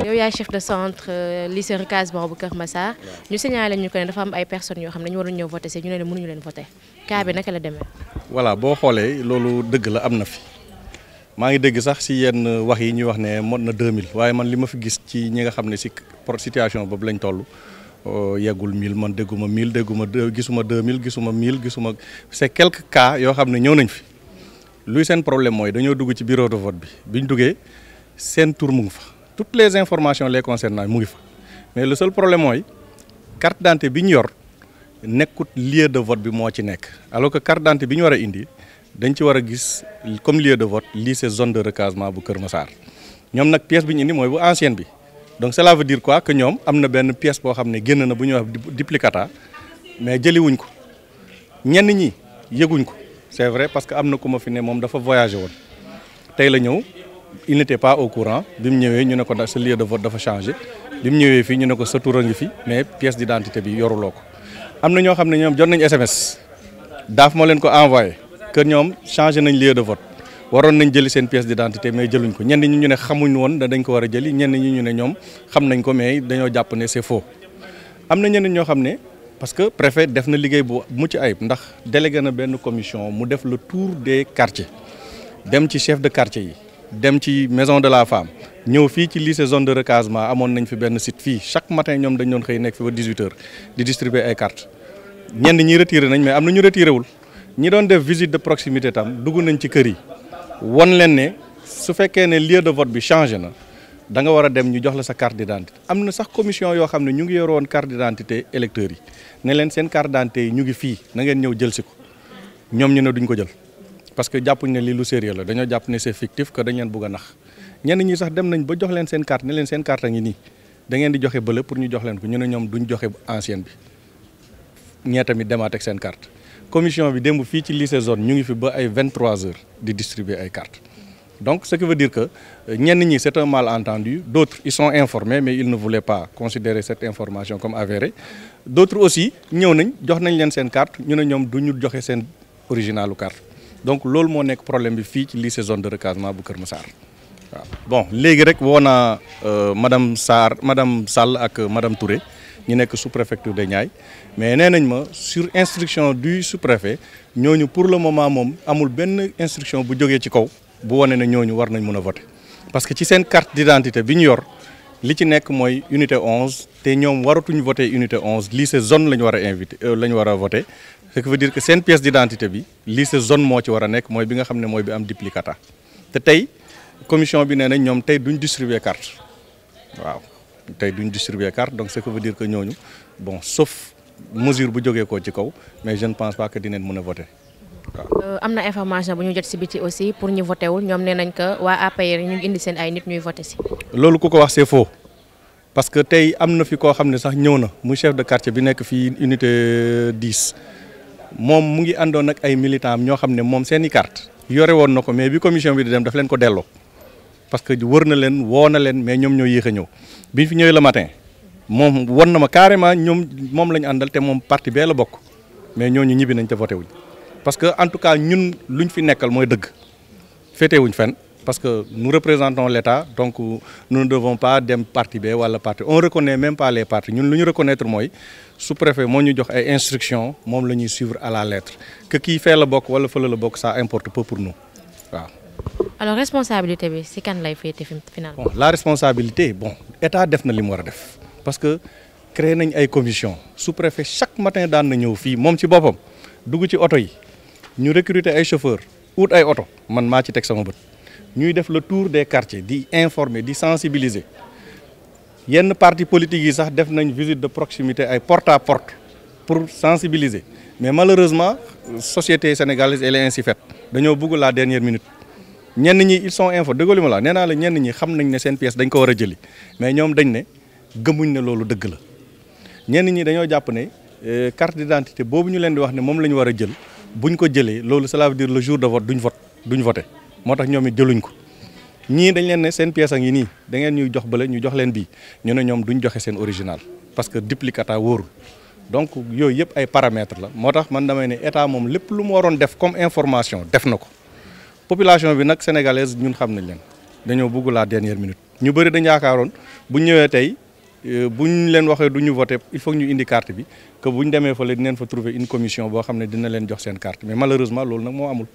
yow yaay chef de centre euh, lycée Recas bu Kër Massar ñu signalé ñu ko ne dafa am ay personnes yoo xam ne ñu waroon ñëw voté si ñu ne mënuñu leen voté cas bi naka la demee. voilà boo xoolee loolu dëgg la am na fi maa ngi dégg sax si yenn wax yi ñuy wax ne mot na 2000 waaye man li ma fi gis ci ñi nga xam ne si situation boobu lañ toll. Euh, yagul 1000 man dégguma 1000 dégguma gisuma 2000 gisuma 1000 gisuma c'est quelques cas yo xam ne nañ fi luy sen problème moy dañu dugg ci bureau de vote bi biñ duggé sen tour mu ngi fa toutes les informations les concernant mu ngi fa mais le seul problème moy carte d'identité biñ yor nekkut lieu de vote bi mo ci nek alors que carte d'identité biñ wara indi dañ ci wara gis comme lieu de vote lii c'est zone de recasement bu Kër Massar ñoom nag pièce biñ indi moy bu ancienne bi donc cela veut dire quoi que nous avons une pièce pour nous mais nous ko ñenn c'est vrai parce que nous fi voyagé il n'était pas au courant il mu ñu lieu de vote dafa changé pas fait ñëwee ñu ne ko mais pièce d'identité bi yoruloo ko am na ñoo SMS Il envoyé que changé nañ lieu de vote waroon nañ jëli seen pièce d'identité mais jëluñ ko ñenn ñi ñu ne xamuñ woon dañ ko war a jëli ñenn ñi ñu ne ñoom xam nañ ko mais dañoo jàpp ne c'est faux am na ñenn ñoo xam ne parce que préfet def na liggéey bu mucc ayib ndax délégué na benn commission mu def le tour des quartiers dem ci chef de quartier yi dem ci maison de la femme ñëw fii ci lycée zone de recasement amoon nañ fi benn site fii chaque matin ñoom dañ doon xëy nekk fi ba 18h di distribuer ay cartes ñenn ñi retiré nañ mais am na ñu retiré wul doon def visite de proximité tam dugg nañ ci kër yi. won len ne su fekke ne lieu de vote bi changer na da nga wara dem ñu jox la sa carte d'identité amna sax commission yo xamne ñu ngi yoro won carte d'identité électeur yi ne len sen carte d'identité ñu ngi fi na ngeen ñew jël ci ko ñom ñu ne duñ ko jël parce que jappu ne li lu sérieux la dañu japp ne c'est fictif que dañ leen bëgg nax ñen ñi sax dem nañ ba jox len sen carte ne len sen carte ngi ni da ngeen di joxe beul pour ñu jox len ko ñu ne ñom duñ joxe ancienne bi ñe tamit demat ak sen carte commission bi démb fi ci lycée zone ñu ngi fi ba ay heures di distribuer ay cartes donc ce qui veut dire que euh, ñenn ñi c'est un malentendu d'autres ils sont informés mais ils ne voulaient pas considérer cette information comme avérée d'autres aussi ils nañ jox nañ leen seen carte ñu ne ñom du joxe seen originalu carte donc lool mo nek problème bi fi ci lycée zone de recasement bu Kër Massar bon légui rek woo Mme euh, madame madame Sall ak euh, madame Touré ñu nekk sous-préfecture de mais sur instruction du sous-préfet ñooñu pour le moment moom amul instruction bu ci voter parce que ci carte d'identité bi ñu yor li unité 11 voter unité 11 lycée zone la invité euh, voter ce dire que pièce d'identité bi zone moo ci bi nga bi am duplicata commission bi nee carte waaw tey duñ distribuer carte donc ce que veut dire que ñooñu bon sauf mesure bu jógee koo ci kaw mais je pense pas que dinañ mun a voter waaw. Euh, am na information bu ñu jot si bi ci aussi pour ñu voté wul ñoom ne nañ que waa APR ñu indi seen ay nit ñuy voté si. loolu ku ko wax c'est foo parce que tey am na fi koo xam ne sax ñëw na muy chef de quartier bi nekk fii unité 10 moom mu ngi àndoon ak ay militants am ñoo xam ne moom seen i carte yore woon na ko mais bi commission bi di dem daf leen ko delloo. parce que wër na leen woo mais ñoom ñoo yéex a ñëw bi ñu fi ñëwee le matin moom won na ma carrément ñoom moom la ñu àndal te moom parti bee la bokk mais ñooñu ñibbi nañ te voté wuñ parce que en tout cas ñun luñ fi nekkal moy dëgg fété wuñ fenn parce que nous représentons l'État donc nous ne devons pas dem parti bee wala parti on reconnaît même pas les partis ñun luñu reconnaissons reconnaître moy sous-préfet mo ñu jox ay instructions mom les suivre à la lettre que qui le la ou wala fait le bok ça importe peu pour nous waaw alors responsabilité c'est quand la vie finalement. la responsabilité bon état à fait ce parce que créer une commission sous-préfet chaque matin nous na fait ici, moom ci boppam dugg ci auto. yi ñu recruter chauffeurs ou ay auto, man ma ci teg sama bët ñuy le tour des quartiers di informer y sensibiliser yenn parti politique qui a fait une visite de proximité porte à porte pour sensibiliser mais malheureusement la société sénégalaise elle est ainsi faite dañoo bëgg la dernière minute. ñenn ñi ils sont info dëgg ma la nee la ñenn ñi xam nañ ne seen pièce dañ ko war a jëli mais ñoom dañ ne gëmuñ ne loolu dëgg la ñenn ñi dañoo jàpp ne euh, carte d'identité boobu ñu leen di wax ne moom la ñu war a jël buñ ko jëlee loolu cela veut dire le jour de vote duñ vote duñ voté moo tax ñoom it jëluñ ko ñii dañ leen ne seen pièce a ngi nii dangeen ñuy jox bële ñu jox leen bii ñu ne ñoom duñ joxe seen original parce que duplicata wóorul donc yooyu yëpp ay paramètres la moo tax man damay ne état moom lépp lu mu waroon def comme information def na ko. population bi nag sénégalaise ñun xam nañ leen dañoo bugg la dernière minute ñu bëri dañ yaakaaroon bu ñëwee tey euh, buñ leen waxee du ñu voté il faut ñu indi carte bi que bu ñu demee fële dinañ fa trouver une commission boo xam ne dina leen jox seen carte mais malheureusement loolu nag moo amul.